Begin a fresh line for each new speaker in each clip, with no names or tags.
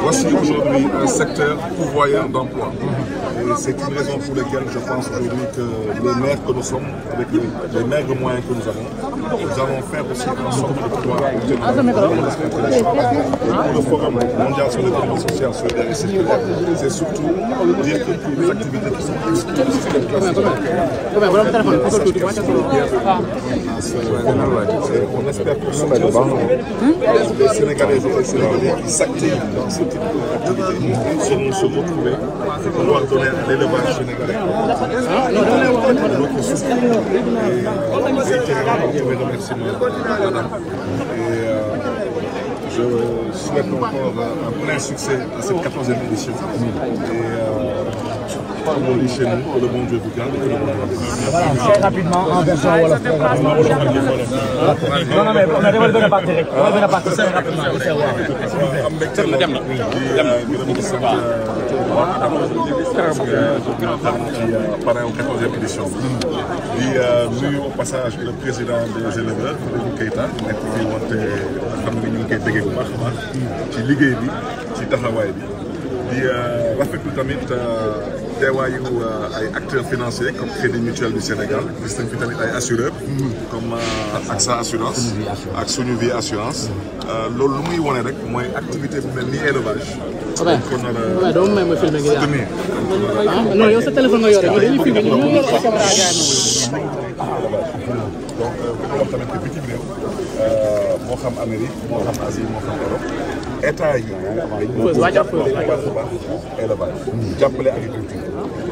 Voici aujourd'hui un secteur pourvoyeur d'emploi. Et c'est une raison pour laquelle je pense aujourd'hui que les maires que nous sommes, avec les, maigres moyens que nous avons, nous allons faire aussi un sorte de pouvoir obtenir le forum mondial sur l'économie sociale, solidaire et circulaire, c'est surtout dire que toutes les activités qui sont exclusives de la classe, on espère que ce les Sénégalais et les Sénégalais qui s'activent dans ce type d'activité seront se retrouver pour pouvoir donner à l'élevage sénégalais notre souffle. Et réitérant euh, mes remerciements à madame. Et euh, je souhaite encore un plein succès à cette 14e édition. Et, euh, le bon Dieu vous garde et le bon Dieu vous rapidement, Non, non, mais on a dévoilé la partie. On a dévoilé la partie très rapidement. aux 14 au passage le président des teewaayu euh, ay acteur financier comme Crédit Mutuel du Sénégal gis nañ fi tamit ay assureurs. comme euh, AXA assurance. ak suñu vie assurance. Euh, loolu lu muy wone rek mooy activité bu mel ni élevage. waaw kon waaw doo may ma filmé ah, non il y a sa
téléphone nga yore ah, ñu filmé ñu ñu yor caméra donc ku ko
wax ben. tamit bitim réew moo xam Amérique moo xam Asie moo xam Europe. état yi. dañ ko jàppale élevage jàppale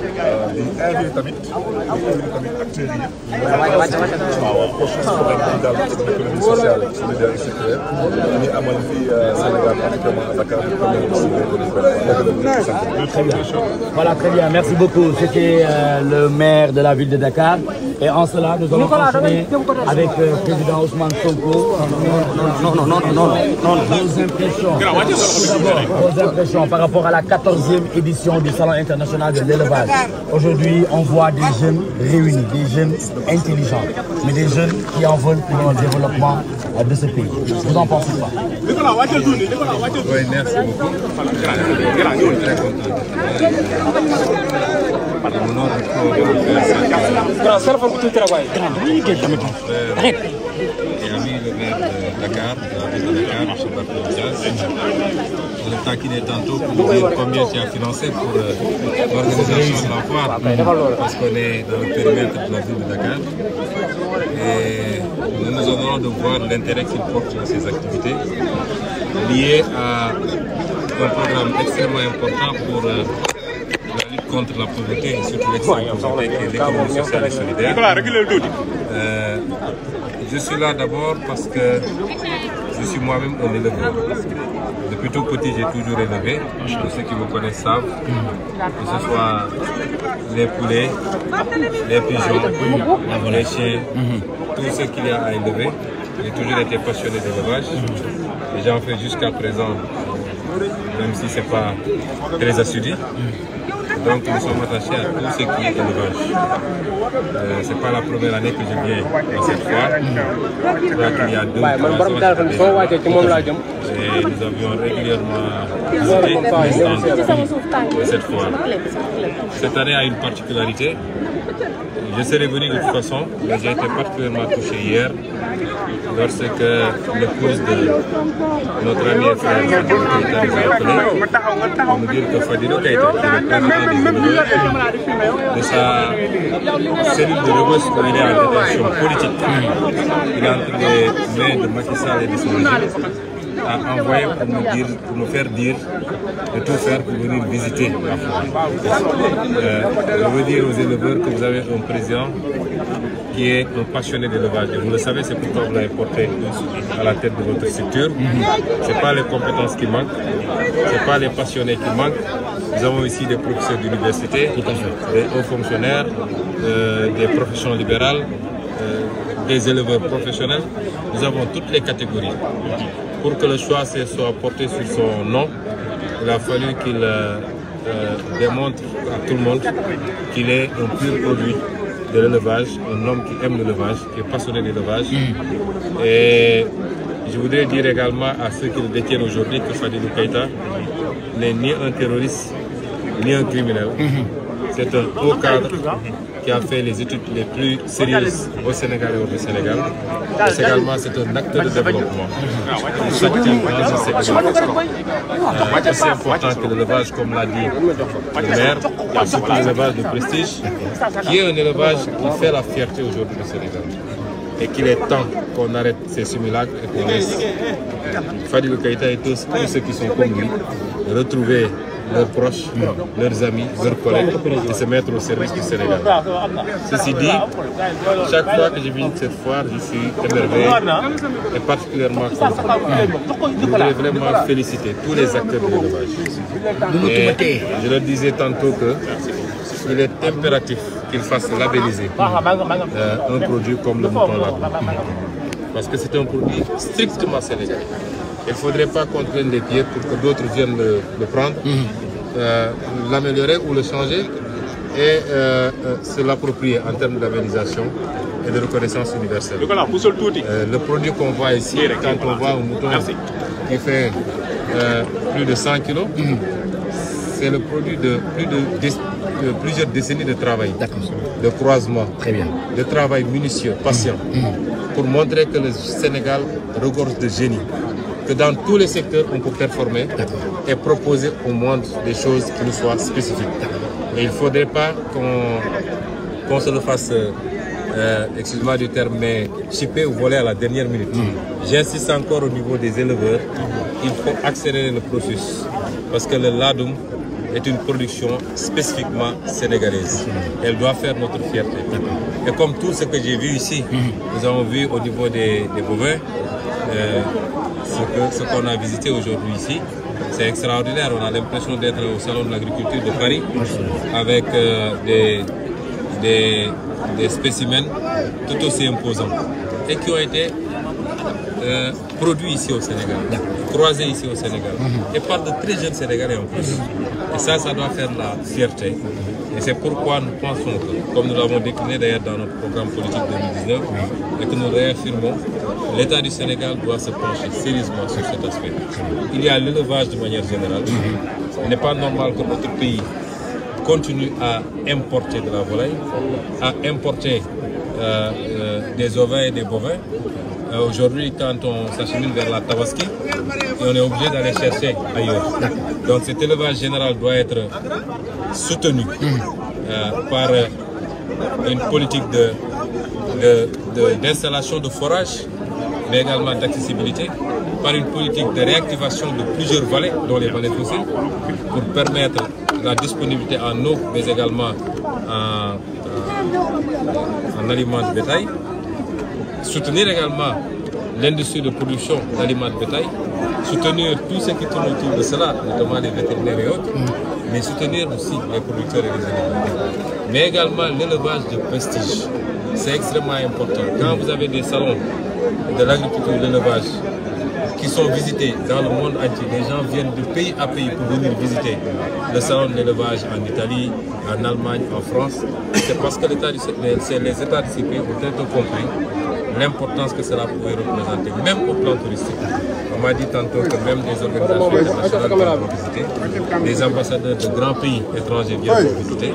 di euh, invité tamit di invité tamit acteurs yi yëpp. waaw waaw poche programme bi daal ci économie sociale solidaire et secteur ñu amal fii Sénégal particulièrement à Dakar ñu xamee Très bien.
Voilà, très bien. Merci beaucoup. C'était euh, le maire de la ville de Dakar. Et en cela, nous allons continuer avec le président Ousmane Sonko. Non, non, non, non, non, non, Vos impressions. impressions par rapport à la 14e édition du Salon international de l'élevage. Aujourd'hui, on voit des jeunes réunis, des jeunes intelligents, mais des jeunes qui en veulent pour le développement de ce pays. Vous en pensez quoi?
Oui, merci beaucoup. Grand, grâce pour le le maire de Dakar, la ville Dakar, je est tantôt pour dire combien tu as financé pour l'organisation de la parce qu'on est dans le périmètre de la ville de Dakar. Et nous nous honorons de voir l'intérêt qu'il porte à ces activités liées à un programme extrêmement important pour euh, contre la pauvreté et surtout l'économie sociale et solidaire. Euh, je suis là d'abord parce que je suis moi-même un éleveur. Depuis tout petit, j'ai toujours élevé. Tous ceux qui vous connaissent savent, que ce soit les poulets, les pigeons, les chiens, tout ce qu'il y a à élever. J'ai toujours été passionné d'élevage et j'en fais jusqu'à présent, même si ce n'est pas très assuré. Donc nous sommes attachés à tout ce qui est élevage. ce n'est euh, pas la première année que je viens cette fois. Je y a deux Et nous avions
régulièrement
cette fois. Cette année a une particularité. Je serai venir de toute façon, mais j'ai été particulièrement touché hier lorsque l'épouse de notre ami et frère Keïta nous a appelé pour nous dire que Fadilou Keïta, qui le président de sa cellule de rebus où il est en détention politique, il est entre les mains de Macky Sall et de son régime, a envoyé pour nous, dire, pour nous faire dire de tout faire pour venir visiter la euh, je veux dire aux éleveurs que vous avez un président qui est un passionné d'élevage. Vous le savez, c'est pourquoi vous l'avez porté à la tête de votre structure. C'est Ce pas les compétences qui manquent, ce n'est pas les passionnés qui manquent. Nous avons ici des professeurs d'université, des hauts fonctionnaires, euh, des professions libérales, euh, des éleveurs professionnels. Nous avons toutes les catégories. Pour que le choix soit porté sur son nom, il a fallu qu'il euh, euh, démontre à tout le monde qu'il est un pur produit de l'élevage, un homme qui aime l'élevage, qui est passionné d'élevage. l'élevage. Mm. Et je voudrais dire également à ceux qui le détiennent aujourd'hui que Fadi Keïta n'est ni un terroriste, ni un criminel. Mm-hmm. C'est un haut cadre qui a fait les études les plus sérieuses au Sénégal et au Sénégal. C'est également un acteur de développement. C'est euh, important que l'élevage, comme l'a dit le maire, il surtout l'élevage de prestige, qui est un élevage qui fait la fierté aujourd'hui au Sénégal et qu'il est temps qu'on arrête ces simulacres et qu'on laisse Fadi Kaïta et tous, tous ceux qui sont comme lui retrouver leurs proches, leurs amis, leurs collègues et se mettre au service du Sénégal. Ceci dit, chaque fois que je viens cette foire, je suis émerveillé et particulièrement content. Je voudrais vraiment féliciter tous les acteurs de
l'élevage. je
le disais tantôt qu'il est impératif qu'ils fassent labelliser euh, un produit comme le mouton lapin. Parce que c'est un produit strictement sénégalais. Il ne faudrait pas qu'on traîne les pieds pour que d'autres viennent le, prendre, mhm. euh, l'améliorer ou le changer et euh, euh, se l'approprier en termes d'organisation et de reconnaissance universelle. le produit qu'on voit ici, quand on voit un mouton qui fait plus de 100 kg, mhm. c'est le produit de plusieurs décennies de travail, de croisement, Très bien. de travail minutieux, patient, mhm. pour montrer que le Sénégal regorge de génie que dans tous les secteurs, on peut performer et proposer au monde des choses qui nous soient spécifiques. il ne faudrait pas qu'on se le fasse, euh, excuse-moi du terme, mais chipper ou voler à la dernière minute. Hmm. J'insiste encore au niveau des éleveurs, il faut accélérer le processus parce que le ladum est une production spécifiquement sénégalaise. Hmm. Elle doit faire notre fierté. Et comme tout ce que j'ai vu ici, hmm. nous avons vu au niveau des, des bovins, euh, ce qu'on a visité aujourd'hui ici. C'est extraordinaire, on a l'impression d'être au Salon de l'agriculture de Paris avec euh, des, des, spécimens tout aussi imposants et qui ont été euh, produits ici au Sénégal, croisés ici au Sénégal mhm. et par de très jeunes Sénégalais en plus. Et ça, ça doit faire la fierté et c'est pourquoi nous pensons que, comme nous l'avons décliné d'ailleurs dans notre programme politique 2019, et que nous réaffirmons, l'État du Sénégal doit se pencher sérieusement sur cet aspect. Il y a l'élevage de manière générale. Il n'est pas normal que notre pays continue à importer de la volaille, à importer euh, euh, des ovins et des bovins. Euh, aujourd'hui, quand on s'achemine vers la Tawaski, et on est obligé d'aller chercher ailleurs. Donc cet élevage général doit être soutenu mhm. euh, par euh, une politique d'installation de, de, de, mais également d'accessibilité, par une politique de réactivation de plusieurs vallées, dont les vallées fossiles, pour permettre la disponibilité en eau, mais également en aliments de bétail. Soutenir également l'industrie de production d'aliments de bétail, soutenir tout ce qui tourne autour de cela, notamment les vétérinaires et autres, mais soutenir aussi les producteurs et les animaux. Mais également l'élevage de prestige. C'est extrêmement important. Quand vous avez des salons de l'agriculture et de l'élevage qui sont visités dans le monde entier, les gens viennent de pays à pays pour venir visiter le salon de l'élevage en Italie, en Allemagne, en France. C'est parce que les États unis pays ont été compris l'importance que cela pourrait représenter, même au plan touristique. On m'a dit tantôt que même des organisations internationales viennent
visiter, des
ambassadeurs de grands pays étrangers viennent visiter.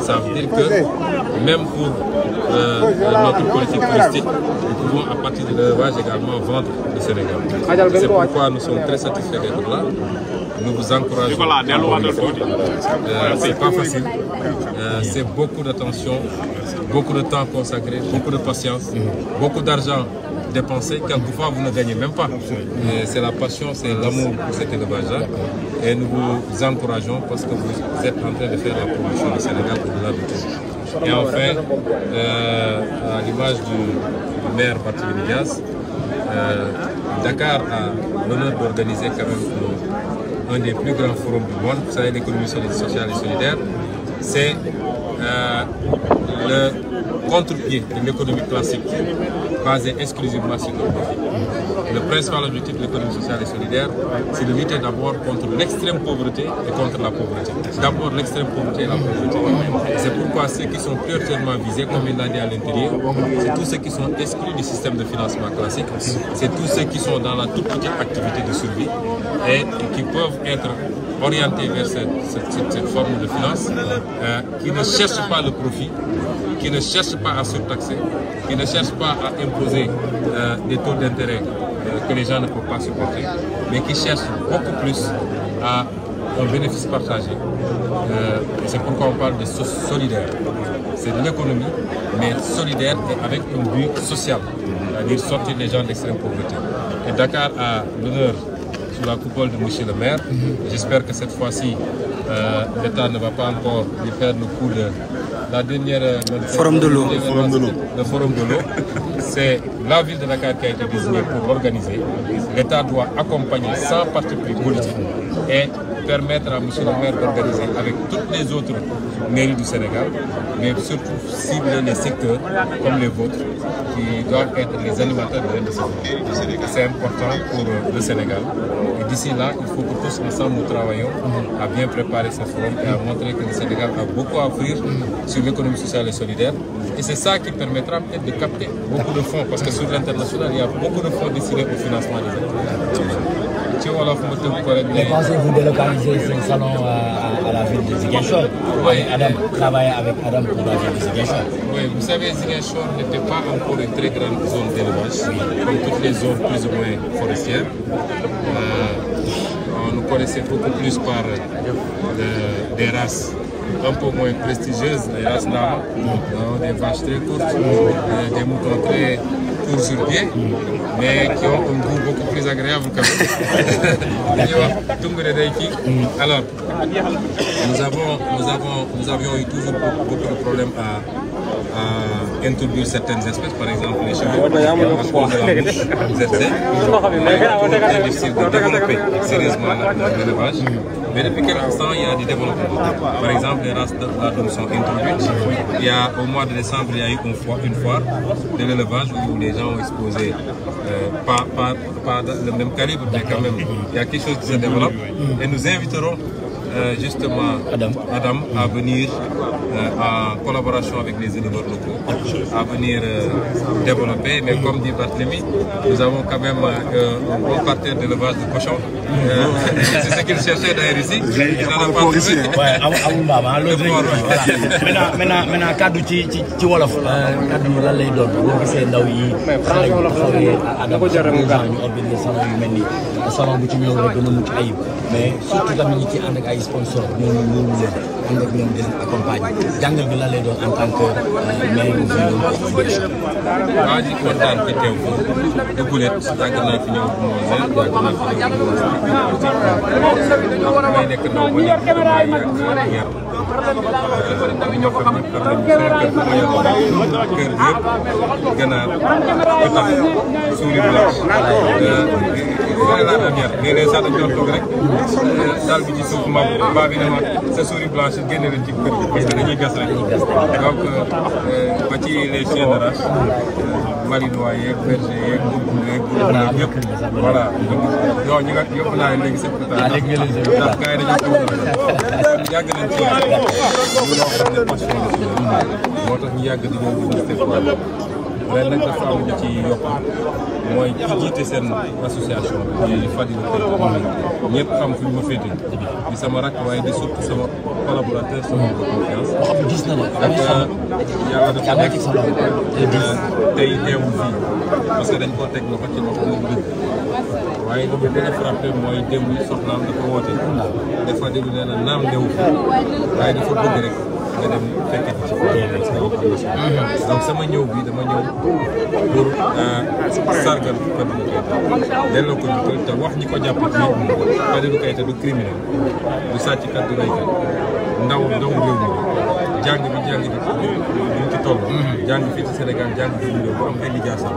Ça veut dire que même pour euh, euh, notre politique touristique, nous pouvons à partir de l'élevage également vendre le Sénégal. C'est pourquoi nous sommes très satisfaits d'être là nous vous encourageons. Euh, c'est pas facile. Euh, c'est beaucoup d'attention, beaucoup de temps consacré, beaucoup de patience, beaucoup d'argent dépensé. Quelquefois, vous ne gagnez même pas. C'est la passion, c'est l'amour pour cet élevage-là. Et nous vous encourageons parce que vous êtes en train de faire la promotion du Sénégal pour Et enfin, euh, à l'image du maire Patrick Diaz, Dakar a l'honneur d'organiser quand même un des plus grands forums du monde, vous savez, l'économie sociale et solidaire, c'est euh, le contre-pied de l'économie classique, basée exclusivement sur le profit. Le principal objectif de l'économie sociale et solidaire, c'est de lutter d'abord contre l'extrême pauvreté et contre la pauvreté. D'abord l'extrême pauvreté et la pauvreté. C'est pourquoi ceux qui sont prioritairement visés, comme il l'a dit à l'intérieur, c'est tous ceux qui sont exclus du système de financement classique, c'est tous ceux qui sont dans la toute petite activité de survie, et qui peuvent être orientés vers cette, forme de finance, euh, qui ne cherchent pas le profit, qui ne cherchent pas à surtaxer, qui ne cherchent pas à imposer euh, des taux d'intérêt euh, que les gens ne peuvent pas supporter, mais qui cherchent beaucoup plus à un bénéfice partagé. c'est pourquoi on parle de solidaire. C'est l'économie, mais solidaire et avec un but social, c'est-à-dire sortir les gens de l'extrême pauvreté. Et Dakar a l'honneur sous la coupole de monsieur le maire. J'espère que cette fois-ci, euh, l'État ne va pas encore lui faire le coup de la dernière... Euh, forum de l'eau. Le forum de l'eau. C'est la ville de Dakar qui a été désignée pour l'organiser. L'État doit accompagner sans partie pris politique et permettre à monsieur le maire d'organiser avec toutes les autres mairies du Sénégal, mais surtout cibler les secteurs comme les vôtres qui doivent être les animateurs de l'industrie. C'est important pour euh, le Sénégal d'ici là, il faut que tous ensemble nous travaillions à bien préparer cette forme et à montrer que le Sénégal a beaucoup à offrir sur l'économie sociale et solidaire. Et c'est ça qui permettra peut-être de capter beaucoup de fonds, parce que sur l'international, il y a beaucoup de fonds destinés au financement des entreprises. pensez-vous délocaliser ce salon à, la ville de Ziguinchor Oui. Adam, travailler avec Adam pour la ville de Ziguinchor. Oui, vous savez, Ziguinchor n'était pas encore une très grande zone d'élevage, comme toutes les zones plus ou moins forestières connaissez beaucoup plus par euh, des races un peu moins prestigieuses, des races là, hein, des vaches très courtes, euh, des moutons très courts sur pied, mais qui ont un goût beaucoup plus agréable Alors, nous, avons, nous, avons, nous avions eu toujours beaucoup de problèmes à à euh, introduire certaines espèces, par exemple les chevaux c'est difficile de développer sérieusement l'élevage. Mm. Mais depuis quel temps, il y a du développement Par exemple, les races d'atomes sont introduites. Il y a, au mois de décembre, il y a eu une foire de l'élevage où les gens ont exposé euh, pas, pas, pas, le même calibre, mais quand même, il y a quelque chose qui se développe. Mm. Et nous inviterons euh, justement Adam. à venir euh, en collaboration avec les éleveurs locaux, à venir euh, développer. Mais comme dit Barthélemy, nous avons quand même un bon parterre d'élevage de cochons c'est ce qu'il cherchait d'ailleurs ici. waaye amul kaddu ci ci ci wolof. kaddu lan lay doon
boo gisee ndaw yi xale yi xaw ah, yi adam ñu organisé salon yu mel nii salon bu ci ñëw rek gën a mucc ayib mais surtout tamit ñi ci ànd ak ay sponsor ñooñu ñooñu
ànd ak ñoom di bi lan lay doon en tant bi dëgg la yàgg naa fi ñëw bu mu mel bu mu mel may nekk ndaw ba nekk bu may yàgg yàgg. ndax ñoo xam ne xam nañ seen kër loolu laa doon yar rek daal euh, bi ci suuf mbaam mbaam bi ne ma sa souris blanche génne leen ci kër parce que euh, ba ci les chiens de euh, marinois yeeg berger yeeg boubou yeeg boubou yëpp voilà ñu nga yëpp naa leen léegi sëpp ah, ndax gars yi dañuy toog yàgg nañ ci yàgg ñu loo xam ne passion la moo tax ñu yàgg di ñëw di ñu def ren nag dafa am ci yokk mooy ci jiite seen association di Fadil ñëpp xam fi ma féete di sama rak waaye di surtout sama collaborateur sama confiance ak euh, yàlla dafa nekk euh, tey teewul fii parce que dañ koo teg loxo ci loxo moom dëgg waaye li ñu a frappé mooy démb soxnaam dafa bëgg rek nga dem fekkee ci ci mhm. donc sama ñëw bi dama ñëw pour euh, sargal Fadilou Keita delloo ko ñu te wax ñi ko jàpp ci Fadilou Keita du criminel du sàcc kat du raykat ndaw ndaw réew mi jàng bi jàng bi. toll. jàng fii ci Sénégal jàng fii ci bu am ay lijaasa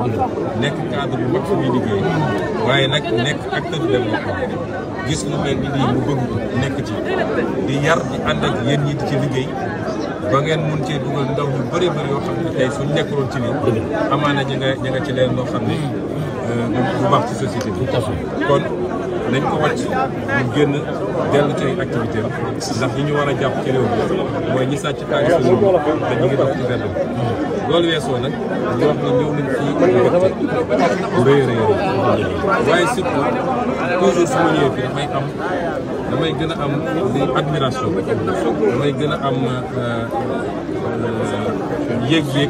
nekk cadre bu mag fu liggéey waaye nag nekk acteur de développement gis lu mel ni lii mu bëgg nekk ci di yar di ànd ak yéen ñi ci liggéey ba ngeen mun cee dugal ndaw ñu bëri bëri yoo xam ne tey suñ nekkuloon ci lii amaana ñi nga ñi nga ci leen loo xam ne mm. euh, bu baax ci société bi kon dañ ko wàcc ñu génn dellu ci ay activité ndax ñi ñu war a jàpp ci réew mi mooy ñi sàcc xaalis réew mi te ñu ngi loolu weesoo nag ñu wax ne ñëw nañ ci mbégte bu rëy rëy waaye surtout toujours su ma damay am damay gën a am li admiration damay gën a am euh, euh, yéeg-yéeg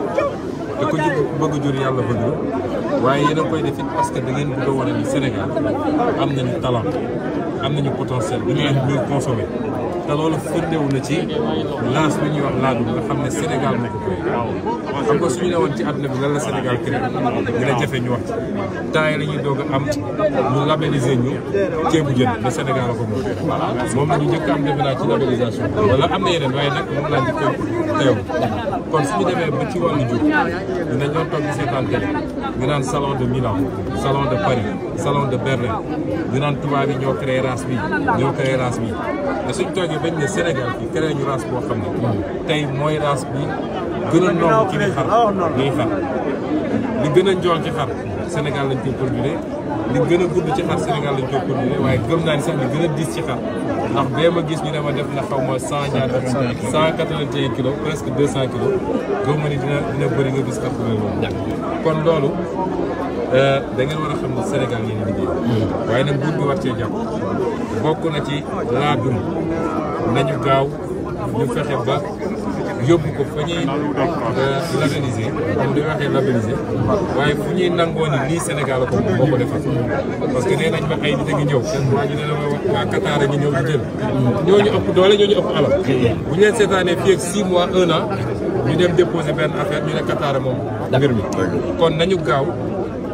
te ku jur bëgg jur yàlla bëgg la waaye yéen koy def it parce que da ngeen bëgg a wane Sénégal am nañu talent am nañu potentiel dañu leen di consommer. te loolu firndewu na ci laas bi ñuy wax laadum nga xam ne Sénégal moo ko créé xam nga suñu ne woon ci àdduna bi lan la Sénégal créé dina jafe ñu wax ci temps yi la ñuy doog a am ñu labellisé ñu ceebu jën ba Sénégal a ko moom moom la ñu njëkk am defe naa ci labellisation wala am na yeneen waaye nag moom laa njëkk a teew kon suñu demee ba ci wàllu jur
dina
ñoo toog di seetaan télé ñu naan salon de Milan salon de Paris salon de Berlin ñu naan tubaab bi ñoo créé race bi suñ toog ñu bañ ne Sénégal bi créé ñu mooy a nong ci li xar liy gën a ah, njool ci xar Sénégal lañ koy produire li gën a gudd ci xar Sénégal naa ni sax li gis ñu ma def na xaw ma cent ñaar cent quatre-vingt-un kilos presque deux cent kilos gëm ma ni dina dina nga gis xar loolu kon loolu euh, da ngeen war a xam ne Sénégal yéen liggéey hmm. waaye nag buur bi war cee jàpp bokk na ci laa dum nañu gaaw ñu fexe ba yóbbu ko fa ñuy euh, labelliser comme di waxee labelliser waaye fu ñuy nangoo ni lii Sénégal ko boo ko defal parce que nee nañ ma ay nit a ngi ñëw waa ñu a ngi ñëw di jël ñooñu ëpp doole ñooñu ëpp alal bu ñu leen seetaanee fii ak 6 mois 1 an ñu dem déposer benn affaire ñu ne Qatar moom mbir mi kon nañu gaaw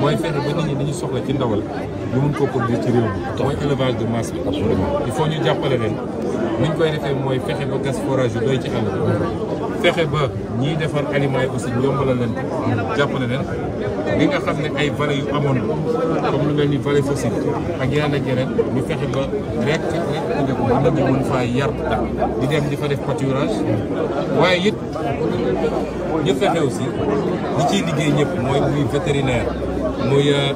moy fexe ba nit ñi dañu soxla ci ndawal ñu mën ko produire ci réew mi moy élevage de masse bi absolument il faut ñu jàppale leen niñ koy défé moy fexe ba gas forage doy ci xalé fexe ba ñi defar aliment yi aussi ñu yombalal leen jàppale leen li nga xamné ay vallées yu amone comme lu melni ni fossile ak yeneen ak yeneen ñu fexe ba rek rek dëkk bu nit ñi mën faa yar di dem di fa def pâturage waye it ñu fexe aussi ñi ci liggéey ñëpp moy muy vétérinaire muy euh,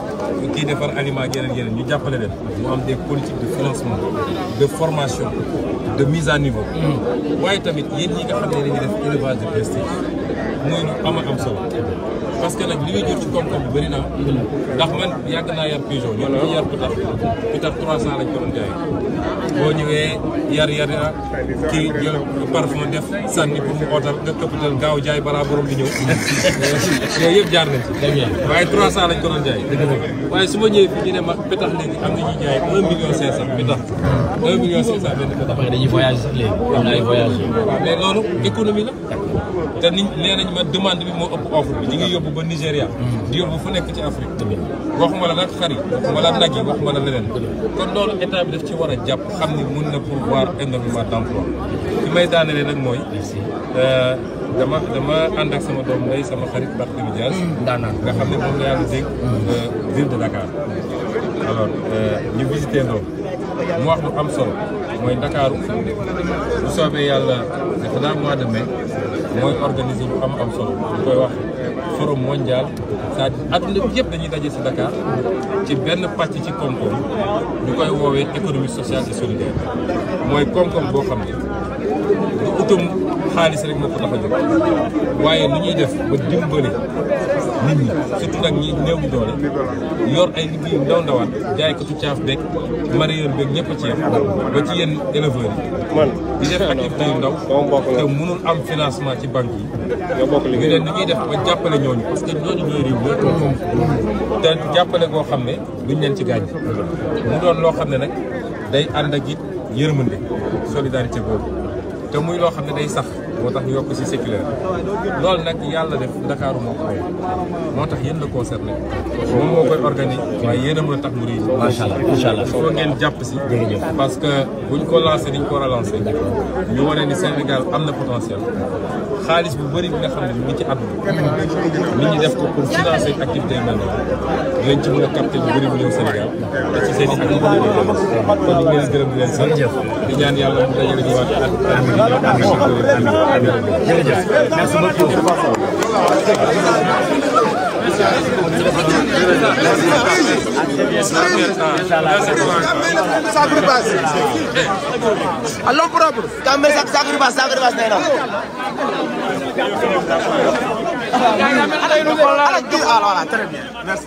kii defar aliment ak yeneen yeneen ñu jàppale leen mu am des politiques de financement de formation de mise à niveau mm. waaye tamit yéen ñi nga xam ne dañuy def élevage de prestige muy lu am am solo parce que nag li muy jur ci koom-koom bu bëri ndax man yàgg naa yar pigeon ñun ñu yar pitax pitax 300 lañ ko doon jaay boo ñëwee yar yar na kii jël parfum def sànni pour mu ootal nga këppatal gaaw jaay balaa borom di ñëw yooyu yëpp jaar nañ ci waaye 300 lañ ko doon jaay waaye su ma ñëwee fi ñu ne ma pitax léegi am na ñuy jaay 1 million 500 pitax 1 million 500 benn pitax dañuy voyage sax léegi am na ay voyage mais loolu économie la te niñ nee nañ ma demande bi moo ëpp offre bi ñu ngi yóbbu ba Nigéria di yóbbu fu nekk ci Afrique waxuma la nag xar yi waxuma la nag yi waxuma la leneen kon loolu état bi daf ci war a jàpp xam ni mun na pourvoir énormément d'emploi fi may daanelee nag mooy euh, dama dama ànd ak sama doom lay sama xarit Barthélémy Dias mm. daanaan nga xam ne moom la yàlla dégg mm. euh, ville de Dakar alors euh, ñu visité loolu mu wax lu am solo mooy ndakaaru bu soobee yàlla dafa naa mois de mai mooy organiser lu am am solo ñu koy wax forum mondial c'est-à-dire bi yëpp dañuy daje si Dakar ci benn pàcc ci koom-koom ñu koy woowee économie sociale et solidaire mooy koom-koom boo xam ne du utum xaalis rek moo ko tax a waaye nu ñuy def ba dimbali nit ñi surtout nag ñi néew doole yor ay liggéey ndaw ndawaan jaaykatu caaf beeg mareyeur beeg ñëpp a ci yem ba ci yenn éleveurs yi di def activité yu ndaw te mënul am financement ci banque yi ñu leen ni ñuy def ba jàppale ñooñu parce que ñooñu ñooy réew te jàppale goo xam ne duñ leen ci gaañ mu doon loo xam ne nag day ànd ak it yërmande solidarité boobu te muy loo xam ne day sax boo tax ñu yokk si séculaire loolu nag yàlla def Ndakaaru moo ko moo tax yéen la concerné moom moo koy organise waaye yéen a mën a tax mu réussir. macha allah macha jàpp si. parce que buñ ko lancé niñ ko war a lancé. ñu wane ni Sénégal am na potentiel. xaalis bu bëri bi nga xam ne mu ngi ci àdduna nit ñi def ko pour financer activité yu mel noonu dinañ ci mën a capter lu bëri bu ñëw Sénégal te ci seen i activité yu mel noonu kon ñu ngi leen gërëm di leen sant di ñaan yàlla mu dajale ñu waat ak ak ñu jërëjëf merci
beaucoup sacrifice a long propre kambe sacrifice sacrifice nee na ah voilà très bien merci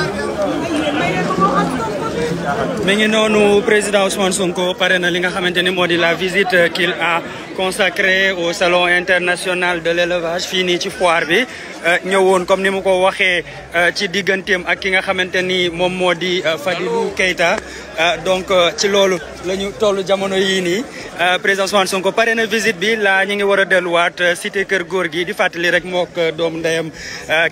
Ay, el medio como hot dog.
mi ngi noonu président Ousmane Sonko pare na li nga xamante ni la visite euh, qu'il a consacrée au salon international de l'élevage fini nii ci foire bi euh, ñëwoon comme ni mu ko waxee euh, ci digganteem ak ki nga xamante ni moom moo Keita donc ci loolu la ñu toll jamono yii nii président Ousmane Sonko pare na visite bi laa ñu ngi war a delluwaat cité kër góor gi di fàttali rek mook doom ndeyam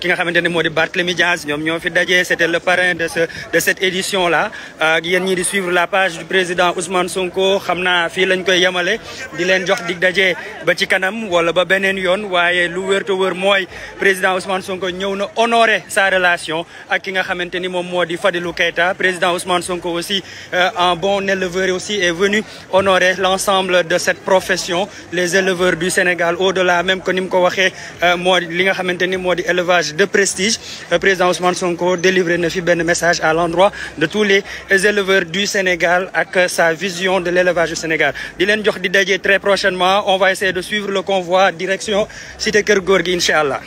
ki nga xamante ni moo di Barthélémy Dias ñoom ñoo fi dajee c'était le parrain de ce de cette édition là ak suivre la page du président Ousmane Sonko xamna fi lañ koy di jox dig ba ci kanam wala président Ousmane Sonko ñëw sa relation ak ki nga Keita président Ousmane Sonko aussi euh, un bon éleveur aussi est venu honorer l'ensemble de cette profession les éleveurs du Sénégal au-delà même que nim ko waxé euh, de prestige euh, président Ousmane Sonko délivré na fi message à l'endroit de tous les les éleveurs du Sénégal avec sa vision de l'élevage du Sénégal Dylan leen très prochainement on va essayer de suivre le convoi direction Cité Kër Inch'Allah.